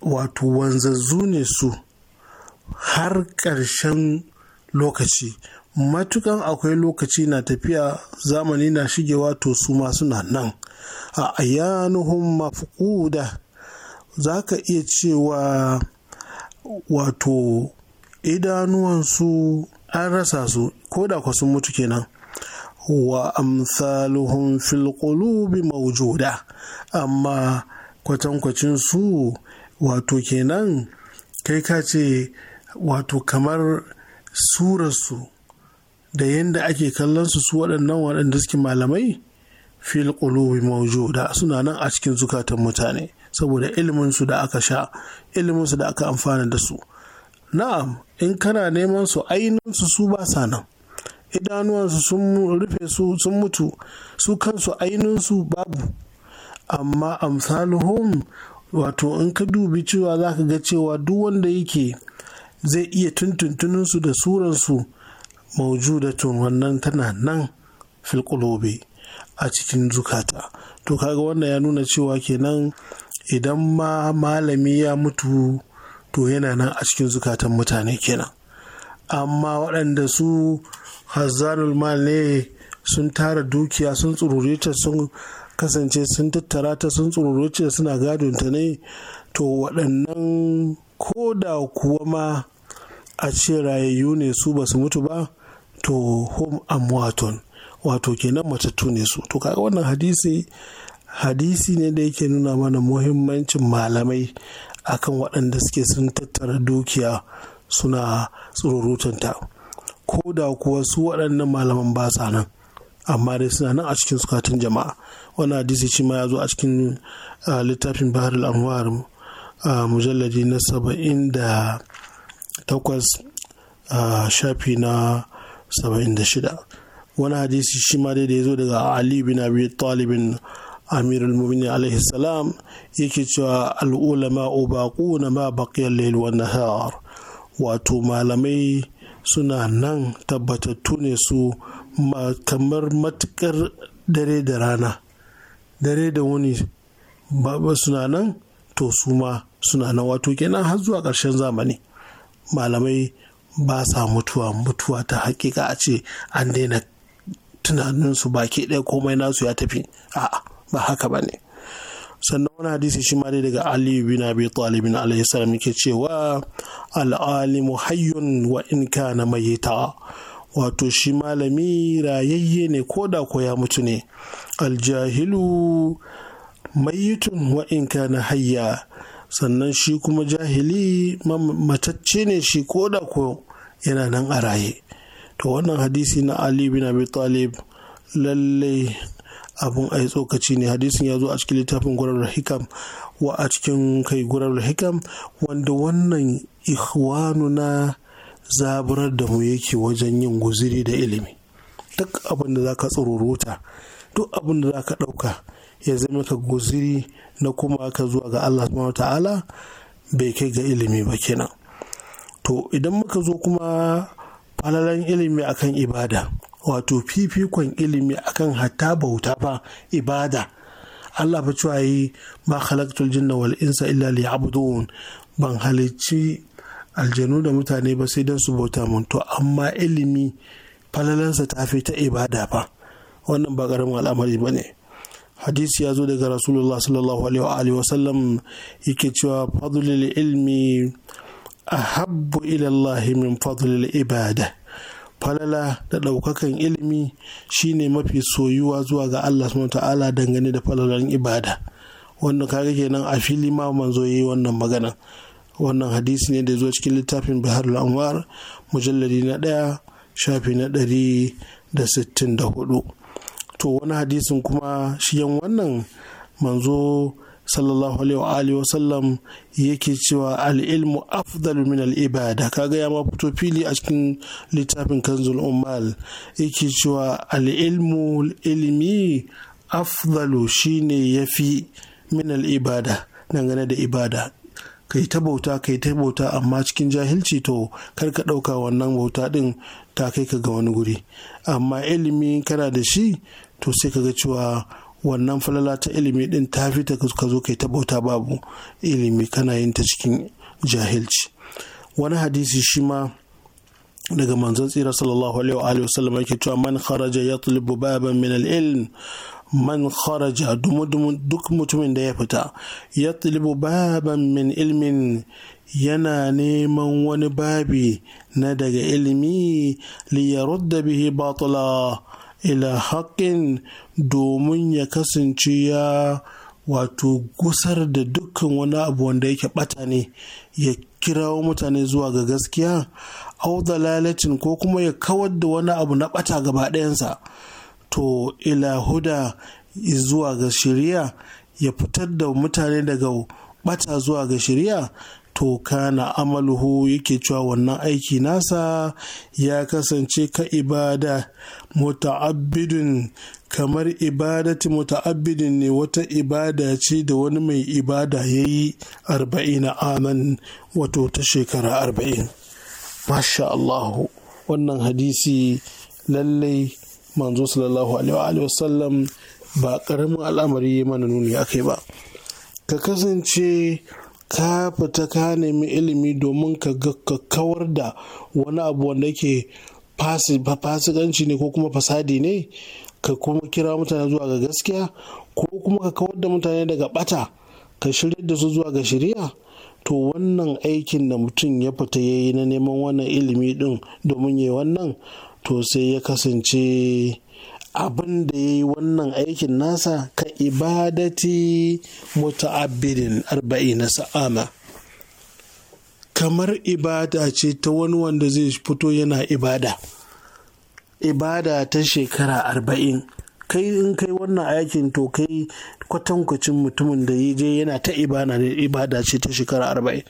[SPEAKER 11] wato wanzazzu ne su har ƙarshen lokaci matukan akwai lokaci na tafiya zamani na shigewa to su ma suna nan a ayyanuhum mafquda za ka iya cewa wato idanuwansu an rasa su ko da kwasu mutu kenan wa amsaluhum fil qulubi mawjuda amma kwatankwacin su wato kenan kai ka ce wato kamar surarsu da yadda ake kallon su su waɗannan waɗanda suke malamai fil maujuda suna nan a cikin zukatan mutane saboda iliminsu da aka sha iliminsu da aka amfana da su na'am in kana neman su ainihin su su ba sa nan idanuwansu sun rufe su sun mutu su kansu ainihinsu babu amma amsaluhum wato in ka dubi cewa za ka ga cewa duk wanda yake zai iya tuntuntuninsu da suransu maujudatun wannan tana nan filkulobe a cikin zukata to kaga wannan ya nuna cewa kenan idan ma malami ya mutu to yana nan a cikin zukatan mutane kenan amma waɗanda su hazzanul mal ne sun tara dukiya sun tsurure ta sun kasance sun tattara ta sun tsurure ta suna gadon ta ne to waɗannan ko da kuwa ma a ce rayayyu ne su ba su mutu ba to hum amwaton wato kenan matattu ne su to kaga wannan hadisi hadisi ne da yake nuna mana muhimmancin malamai akan waɗanda suke sun tattara dukiya suna tsururutunta ko da kuwa su waɗannan malaman ba sa nan amma dai suna nan a cikin sukatun jama'a wani hadisi shi ma ya zo a cikin littafin bahar al'amuwar mujalladi na saba'in da takwas shafi na saba'in da shida wani hadisi shi ma dai da ya zo daga ali bin abi talibin amir al-mumini alaihi salam yake cewa al'ulama ubaquna ma bakiyar layl wan nahar wato malamai suna nan tabbatattu ne su kamar matukar dare da rana dare da wuni babu suna nan to su ma suna nan wato kenan har zuwa ƙarshen zamani malamai ba sa mutuwa mutuwa ta hakika a ce an daina tunaninsu baki ɗaya komai nasu ya tafi a'a ba haka ba ne sannan wani hadisi shi ma dai daga ali bin abi bin Alayhi salam yake cewa al-alimu hayyun wa in kana mayyita wato shi malami rayayye ne ko da ko ya mutu ne aljahilu mayyitun wa in kana hayya sannan shi kuma jahili matacce ne shi ko da ko yana nan a raye to wannan hadisi na ali bin abi talib lallai abun a tsokaci ne hadisin ya zo a cikin littafin gurar hikam wa a cikin kai gurar hikam wanda wannan na zaburar da mu yake wajen yin guziri da ilimi duk abin da za ka tsururuta duk abin da za ka ɗauka ya zama ka guziri na kuma ka zuwa ga Allah subhanahu ta'ala bai kai ga ilimi ba kenan to idan muka zo kuma falalan ilimi akan ibada wato fifikon ilimi akan hatta bauta ba ibada Allah ba cewa yi ma khalaqtul jinna wal insa illa liya'budun ban halicci aljanu da mutane ba sai don su bauta mun to amma ilimi falalansa ta fi ta ibada ba wannan ba karamin al'amari ba ne hadisi ya zo daga rasulullah sallallahu alaihi wa sallam yake cewa fadlul ilmi ahabbu ila Allah min fadlul ibada falala da ɗaukakan ilimi shine mafi soyuwa zuwa ga Allah subhanahu ta'ala dangane da falalan ibada wannan kaga kenan a fili ma manzo yayi wannan magana wannan hadisi ne da zo cikin littafin Biharul Anwar mujalladi na ɗaya shafi na ɗari da sittin da hudu to wani hadisin kuma shiyan wannan manzo sallallahu alaihi wa sallam yake cewa al'ilmu afdal min ibada kaga ya ma fito fili a cikin littafin kanzul ummal yake cewa al'ilmu ilimi afdalu shine yafi min al'ibada dangane da ibada kai ta bauta kai ta bauta amma cikin jahilci to kar ka ɗauka wannan bauta ɗin ta kai ka ga wani guri amma ilimi kana da shi to sai ka ga cewa wannan falala ta ilimi din ta fita ka zo kai ta bauta babu ilimi kana yin ta cikin jahilci wani hadisi shi ma daga manzon tsira sallallahu alaihi wa sallam yake cewa man kharaja yatlubu baban min al-ilm man kharaja duk mutumin da ya fita yatlubu baban min ilmin yana neman wani babi na daga ilimi li yarudda bihi batila ila haƙin domin ya kasance ya wato gusar da dukkan wani abu wanda yake ɓata ne ya kirawo mutane zuwa ga gaskiya au dalalacin ko kuma ya kawar da wani abu na ɓata gaba ɗayansa to ila huda zuwa ga shirya ya fitar da mutane daga ɓata zuwa ga shirya to kana amaluhu yake cewa wannan aiki nasa ya kasance ka ibada muta'abbidin kamar ibadati muta'abbidin ne wata ibada ce da wani mai ibada ya yi arba'in aman wato ta shekara arba'in masha Allahu wannan hadisi lallai manzo sallallahu alaihi wasallam ba karamin al'amari ya mana nuni akai ba ka kasance ka fita ka nemi ilimi domin ka kawar da wani abu wanda ke fasikanci ne ko kuma fasadi ne ka kuma kira mutane zuwa ga gaskiya ko kuma ka kawar da mutane daga bata ka shirya da su zuwa ga shari'a to wannan aikin da mutum ya fita ya yi na neman wannan ilimi din domin ya wannan to sai ya kasance abin da ya yi wannan aikin nasa ka ibadati mutu'abbirin arba'i na sa'ama kamar ibada ce ta wani wanda zai fito yana ibada ibada ta shekara arba'in kai in kai wannan aikin to kai kwatankwacin mutumin da ya je yana ta ibada ne ibada ce ta shekara arba'in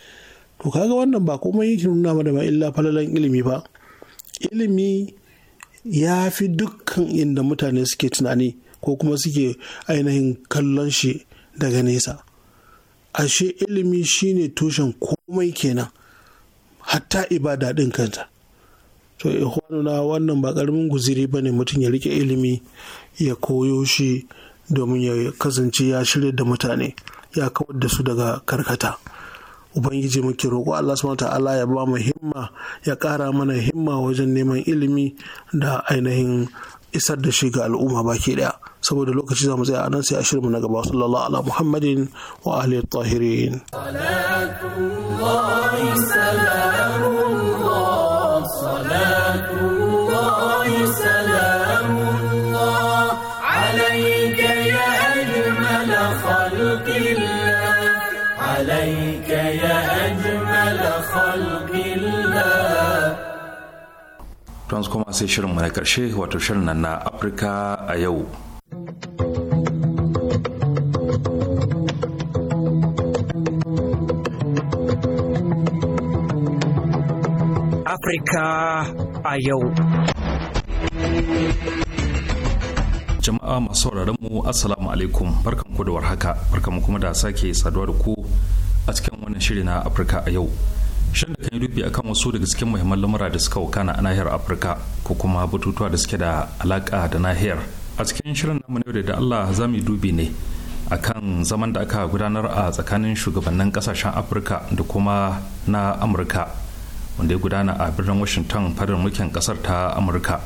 [SPEAKER 11] to kaga wannan ba komai yake nuna mana ba illa falalan ilimi ba ilimi ya fi dukkan inda mutane suke tunani ko kuma suke ainihin kallon shi daga nesa ashe ilimi shine tushen komai kenan hatta ibada ɗin kanta to ihwanuna wannan ba ƙaramin guziri bane mutum ya rike ilimi ya koyo shi domin ya kasance ya shirya da mutane ya kawar da su daga karkata ubangiji muke roƙo allah subhanahu ta'ala ya ba mu himma ya ƙara mana himma wajen neman ilimi da ainihin isar da shi ga al'umma baki daya saboda lokaci za mu tsaya anan sai a shirmu na gaba sallallahu ala muhammadin wa ahli tahirin
[SPEAKER 1] don kuma sai shirin na karshe wato shirin nan na afirka a yau
[SPEAKER 7] afirka a yau
[SPEAKER 1] jama'a masu sauraron mu assalamu alaikum barkan ku da warhaka barkan mu kuma da sake saduwa da ku a cikin wannan shiri na afirka a yau shan da kan yi rufi akan wasu daga cikin muhimman lamura da suka wuka na nahiyar afirka ko kuma batutuwa da suke da alaka da nahiyar a cikin shirin namu yau da allah za mu dubi ne akan zaman da aka gudanar a tsakanin shugabannin kasashen afirka da kuma na amurka wanda ya gudana a birnin washington fadar mulkin kasar ta amurka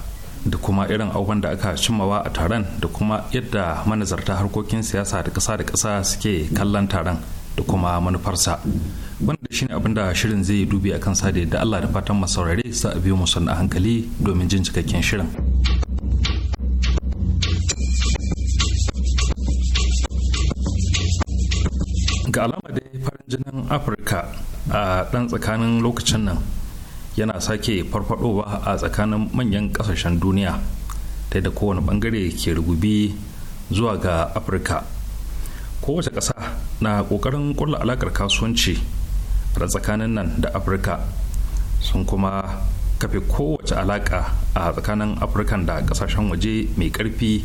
[SPEAKER 1] da kuma irin abubuwan da aka cimmawa a taron da kuma yadda manazarta harkokin siyasa da kasa da kasa suke kallon taron da kuma manufarsa wanda shi ne abinda shirin zai yi dubi a kan sa da Allah da fatan saurare sa a biyo musan a hankali domin jin cikakken shirin. Ga alama da farin jinin Afirka a ɗan tsakanin lokacin nan yana sake farfadowa a tsakanin manyan ƙasashen duniya ta da kowane bangare ke rugubi zuwa ga Afirka. Kowace ƙasa na ƙoƙarin ƙulla alaƙar kasuwanci da tsakanin nan da afirka sun kuma kafe kowace alaka a tsakanin afirka da kasashen waje mai karfi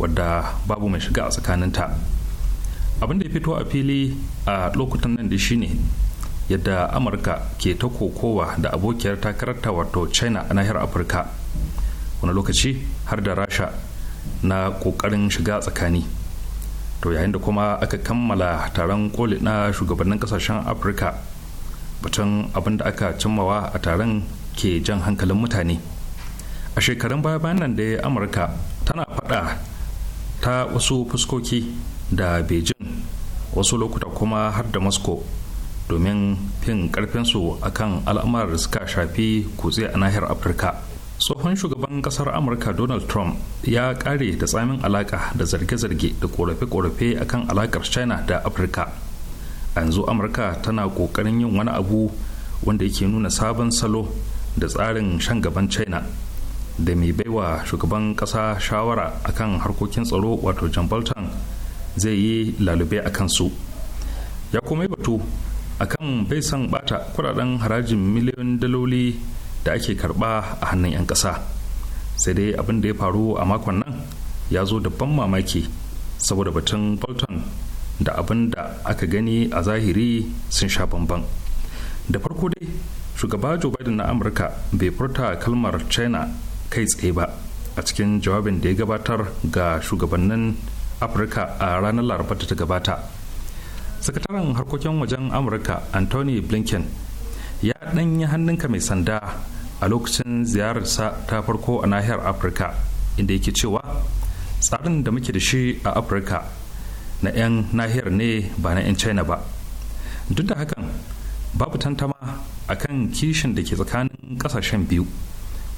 [SPEAKER 1] wadda babu mai shiga a tsakaninta abin da ya fito a fili a lokutan nan da shine yadda amurka ke ta kokowa da abokiyar takararta wato china a nahiyar afirka wani lokaci har da rasha na kokarin shiga tsakani to yayin da kuma aka kammala taron koli na shugabannin kasashen afirka batun abin da aka cimmawa a taron ke jan hankalin mutane a shekarun baya bayan nan da amurka tana fada ta wasu fuskoki da beijing wasu lokuta kuma har da moscow domin fin karfinsu akan al'amarar da suka shafi kutse a nahiyar afirka tsohon shugaban kasar amurka donald trump ya kare da tsamin alaka da zarge-zarge da korafe-korafe akan alakar china da afirka a yanzu amurka tana kokarin yin wani abu wanda yake nuna sabon salo da tsarin shan gaban china da mai baiwa shugaban kasa shawara akan harkokin tsaro wato john bolton zai yi lalube a kansu ya kuma yi batu akan bai san bata kudaden harajin miliyon daloli da ake karba a hannun 'yan kasa sai dai abin da ya faru a makon nan ya zo da ban mamaki saboda batun bolton da abin da aka gani a zahiri sun sha bamban da farko dai shugaba joe biden na amurka bai furta kalmar china kai tsaye ba a cikin jawabin da ya gabatar ga shugabannin afirka a ranar laraba da ta gabata sakataren harkokin wajen amurka anthony blinken ya ɗanyi hannunka mai sanda a lokacin ziyararsa ta farko a nahiyar afirka inda yake cewa tsarin da muke da shi a afirka na 'yan nahiyar ne ba na 'yan china ba duk da hakan babu tantama a kan kishin da ke tsakanin kasashen biyu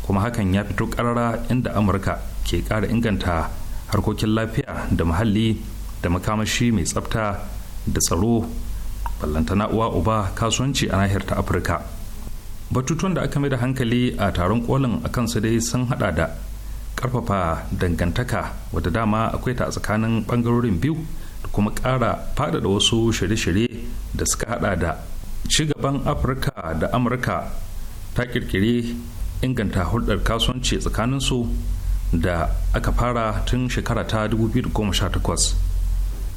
[SPEAKER 1] kuma hakan ya fito karara inda amurka ke kara inganta harkokin lafiya da muhalli da makamashi mai tsafta da tsaro ballanta uwa uba kasuwanci a nahiyar ta afirka batutuwan da aka mai da hankali a taron kolin a kansu dai sun hada da karfafa dangantaka wadda dama akwai ta a tsakanin bangarorin biyu kuma ƙara faɗaɗa wasu shirye-shirye da suka hada da gaban afirka da amurka ta kirkiri inganta hulɗar kasuwanci tsakaninsu da aka fara tun shekara ta 2018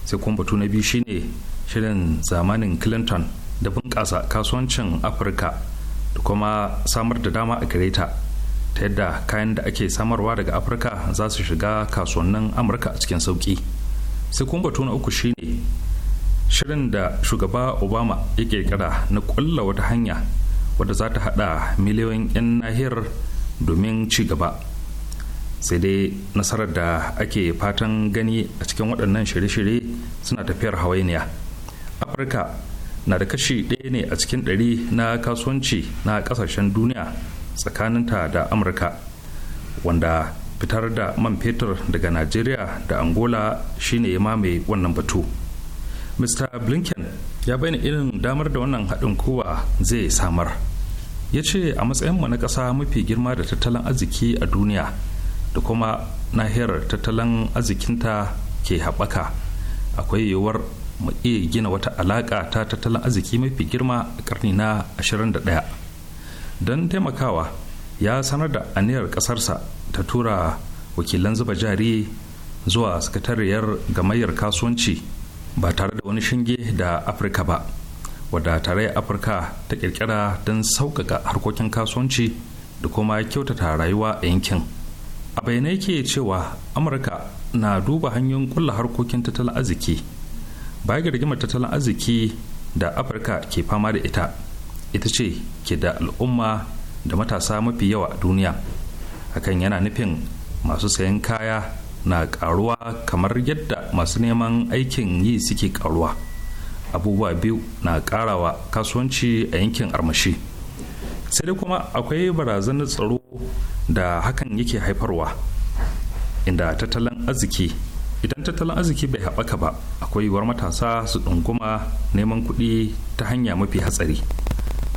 [SPEAKER 1] sai kuma batu na biyu shine shirin zamanin clinton da bunƙasa kasuwancin afirka da kuma samar da dama a kireta ta yadda kayan da ake samarwa daga afirka za su shiga kasuwannin amurka a cikin sauƙi. sai kuma batu na uku shine shirin da shugaba obama ya kirkira na kulla wata hanya wadda za ta hada miliyoyin 'yan nahiyar domin ci gaba sai dai nasarar da ake fatan gani a cikin waɗannan shirye-shirye suna tafiyar hawainiya afirka na da kashi ɗaya ne a cikin ɗari na kasuwanci na ƙasashen duniya tsakaninta da amurka wanda fitar da man fetur daga najeriya da angola shine ya mamaye wannan batu mr blinken ya bayyana irin damar da wannan haɗin kowa zai samar ya ce a matsayin mu na ƙasa mafi girma da tattalin arziki a duniya da kuma nahiyar tattalin arzikinta ke haɓaka akwai yiwuwar mu iya gina wata alaƙa ta tattalin arziki mafi girma a ƙarni na 21 don taimakawa ya sanar da aniyar ƙasarsa ta tura wakilan zuba jari zuwa sakatariyar gamayyar kasuwanci ba tare da wani shinge da afirka ba wadda tarayyar afirka ta kirkira don sauƙaƙa harkokin kasuwanci da kuma kyautata rayuwa a yankin a bayanai yake cewa amurka na duba hanyoyin kulla harkokin tattalin arziki baya ga rigimar tattalin arziki da afirka ke fama da ita ita ce ke da al'umma da matasa mafi yawa a duniya hakan yana nufin masu sayan kaya na karuwa kamar yadda masu neman aikin yi suke karuwa abubuwa biyu na karawa kasuwanci a yankin armashi sai dai kuma akwai barazanar tsaro da hakan yake haifarwa inda tattalin arziki idan tattalin arziki bai haɓaka ba akwai yiwuwar matasa su ɗunguma neman kuɗi ta hanya mafi hatsari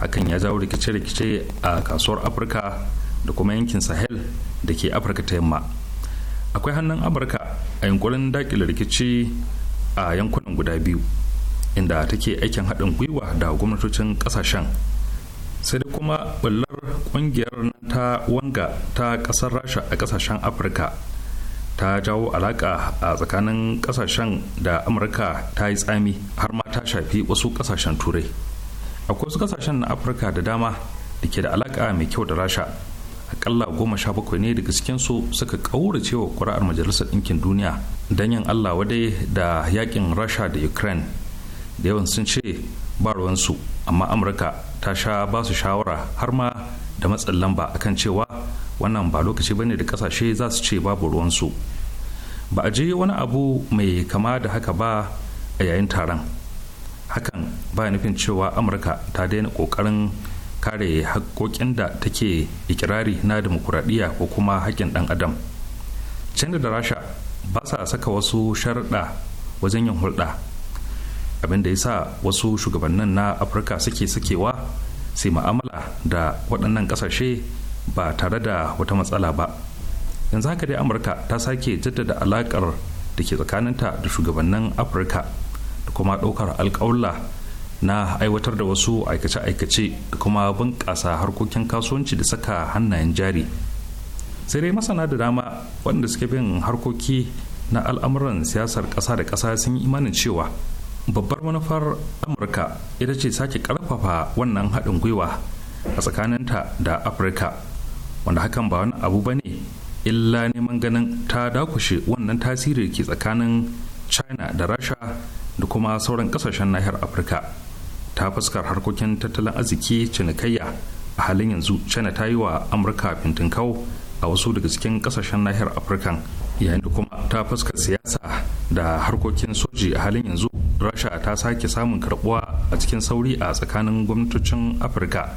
[SPEAKER 1] hakan ya jawo rikice-rikice a kasuwar afirka da kuma yankin sahel da ke afirka ta yamma akwai hannun amurka a yankunan dakile rikici a yankunan guda biyu inda take aikin haɗin gwiwa da gwamnatocin ƙasashen sai dai kuma ɓullar ƙungiyar ta wanga ta ƙasar rasha a ƙasashen afirka ta jawo alaƙa a tsakanin ƙasashen da amurka ta yi tsami har ma ta shafi wasu ƙasashen turai akwai wasu ƙasashen na afirka da dama da ke da alaƙa mai kyau da rasha akalla goma sha bakwai ne daga cikinsu suka kaura ƙauracewa ƙuri'ar majalisar ɗinkin duniya don yin allah wadai da yakin rasha da ukraine da yawan sun ce ba ruwansu amma amurka ta sha ba su shawara har ma da matsin lamba akan cewa wannan ba lokaci bane da kasashe za su ce babu ruwansu ba a je wani abu mai kama da haka ba a yayin taron hakan ba nufin cewa amurka ta daina kokarin kare haƙƙoƙin da take ikirari na demokuraɗiyya ko kuma haƙƙin ɗan adam china da rasha ba sa saka wasu sharaɗa wajen yin hulɗa abinda da ya sa wasu shugabannin na afirka suke sakewa sai ma'amala da waɗannan ƙasashe ba tare da wata matsala ba yanzu haka dai amurka ta sake jaddada alaƙar da ke tsakaninta da shugabannin afirka da kuma ɗaukar alƙawla na aiwatar da wasu aikace-aikace da kuma bunƙasa harkokin kasuwanci da saka hannayen jari sai dai masana da dama waɗanda suke bin harkoki na al'amuran siyasar ƙasa da ƙasa sun yi imanin cewa babbar manufar amurka ita ce sake ƙarfafa wannan haɗin gwiwa a tsakaninta da afirka wanda hakan ba wani abu ba ne illa neman ganin ta dakushe wannan tasiri ke tsakanin china da rasha da kuma sauran ƙasashen nahiyar afirka ta fuskar harkokin tattalin arziki cinikayya a halin yanzu china ta yi wa amurka kau a wasu daga cikin kasashen nahiyar afirka yayin da kuma ta fuskar siyasa da harkokin soji a halin yanzu rasha ta sake samun karbuwa a cikin sauri a tsakanin gwamnatocin afirka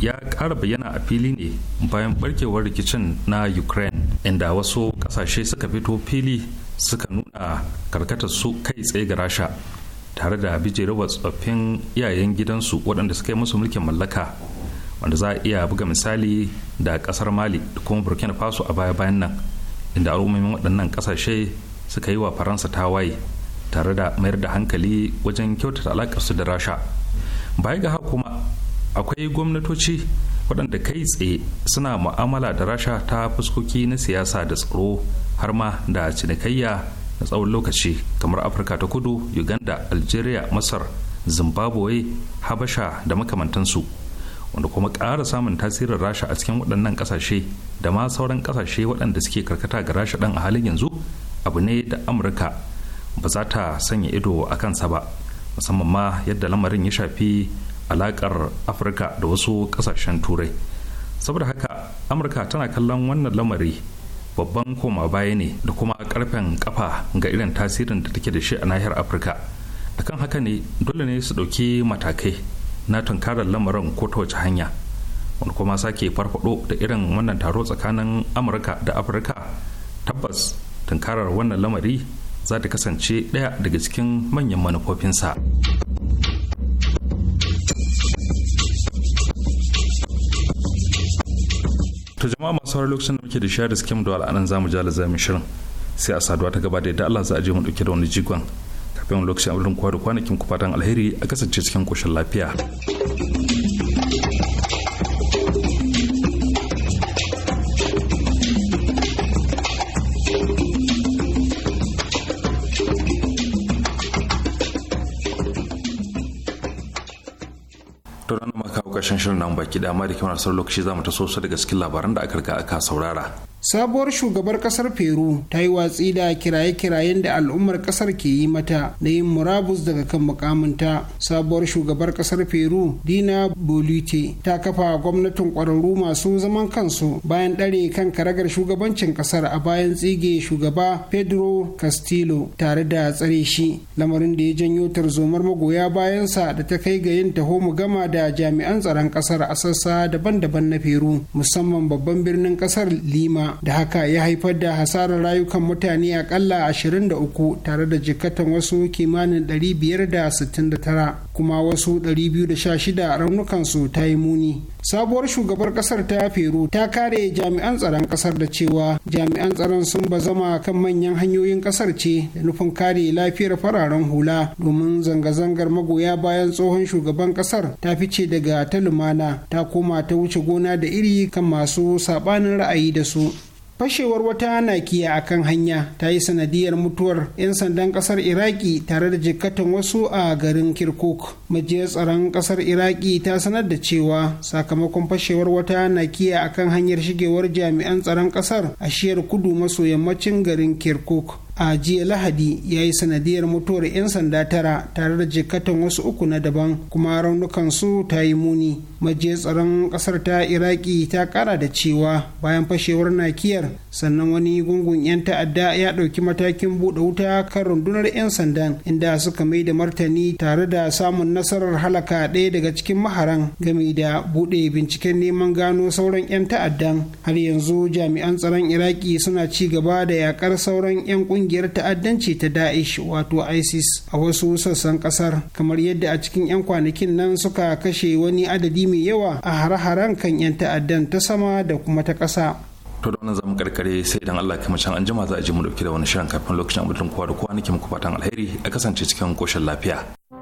[SPEAKER 1] ya kara bayyana a fili ne bayan barkewar rikicin na ukraine inda wasu kasashe suka fito fili suka nuna karkatar su kai tsaye ga rasha tare da bijirewa tsoffin iyayen gidansu waɗanda suka yi musu mulkin mallaka wanda za a iya buga misali da ƙasar mali da kuma burkina faso a baya-bayan nan inda al'ummomin waɗannan ƙasashe suka yi wa faransa tawaye tare da mayar da hankali wajen kyautata su da rasha baya ga haka kuma akwai gwamnatoci waɗanda kai tsaye suna mu'amala da rasha ta fuskoki na siyasa da tsaro har ma da cinikayya na tsawon lokaci kamar afirka ta kudu uganda algeria masar zimbabwe habasha da makamantansu wanda kuma ƙara samun tasirin rasha a cikin waɗannan ƙasashe da ma sauran ƙasashe waɗanda suke karkata ga rasha ɗan a halin yanzu abu ne da amurka ba za ta sanya ido a kansa ba musamman ma yadda lamarin ya shafi alaƙar afirka da wasu ƙasashen turai saboda haka amurka tana kallon wannan lamari babban koma baya ne da kuma karfen kafa ga irin tasirin da take da shi a nahiyar afirka da kan haka ne dole ne su ɗauki matakai na tunkarar lamarin ko ta wace hanya wani kuma sake farfado da irin wannan taro tsakanin amurka da afirka tabbas tunkarar wannan lamari za ta kasance ɗaya daga cikin manyan manufofinsa. to jama'a masu sauran lokacin da muke da share skim da al'anan zamu ja zamin shirin sai a saduwa ta gaba da yadda Allah za a je mu dauke da wani jigon kafin lokacin abin kwa da kwanakin ku fatan alheri a kasance cikin koshin lafiya. shirin nan baki dama da kimar lokaci za mu taso su daga cikin labaran da aka riga aka saurara
[SPEAKER 3] sabuwar shugabar kasar peru ta yi watsi da kiraye-kirayen da al'ummar kasar ke yi mata na yin murabus daga kan mukaminta sabuwar shugabar kasar peru dina bolite ta kafa gwamnatin kwararru masu zaman kansu bayan ɗare kan karagar shugabancin kasar a bayan tsige shugaba pedro castillo tare da tsare shi lamarin da ya janyo tarzomar magoya bayansa da ta kai ga yin taho mu gama da jami'an tsaron kasar a sassa daban-daban na peru musamman babban birnin kasar lima da haka ya haifar da hasarar rayukan mutane akalla 23 tare da jikatan wasu kimanin 569 kuma wasu 216 raunukansu ta yi muni sabuwar shugabar kasar ta peru ta kare jami'an tsaron kasar da cewa jami'an tsaron sun zama kan manyan hanyoyin kasar ce da nufin kare lafiyar fararen hula domin zanga-zangar magoya bayan tsohon shugaban kasar ta fice daga ta lumana ta koma ta wuce gona da iri kan masu sabanin ra'ayi da su fashewar wata na nakiya a kan hanya ta yi sanadiyar mutuwar 'yan sandan kasar iraki tare da jikkatan wasu a garin kirkuk majiyar tsaron kasar iraki ta sanar da cewa sakamakon fashewar wata nakiya a kan hanyar shigewar jami'an tsaron kasar a shiyar kudu maso yammacin garin kirkuk a jiya lahadi ya yi sanadiyar mutuwar 'yan sanda tara tare da jikatan wasu uku na daban kuma raunukan su ta yi muni majiya tsaron kasar ta iraki ta kara da cewa bayan fashewar nakiyar sannan wani gungun 'yan ta'adda ya ɗauki matakin buɗe wuta kan rundunar 'yan sandan inda suka mai da martani tare da samun nasarar halaka ɗaya daga cikin maharan game da buɗe binciken neman gano sauran 'yan ta'addan har yanzu jami'an tsaron iraki suna ci gaba da yakar sauran 'yan ƙungiyar kungiyar ta'addanci ta Daesh wato ISIS a wasu sassan kasar kamar yadda a cikin 'yan kwanakin nan suka kashe wani adadi mai yawa a hare-haren kan 'yan ta'addan ta sama da kuma ta ƙasa.
[SPEAKER 1] to da wannan zamu karkare sai idan Allah kuma can anjima za a ji mu dauki da wani shirin kafin lokacin abudin kwa da kowa nake muku fatan alheri a kasance cikin koshin lafiya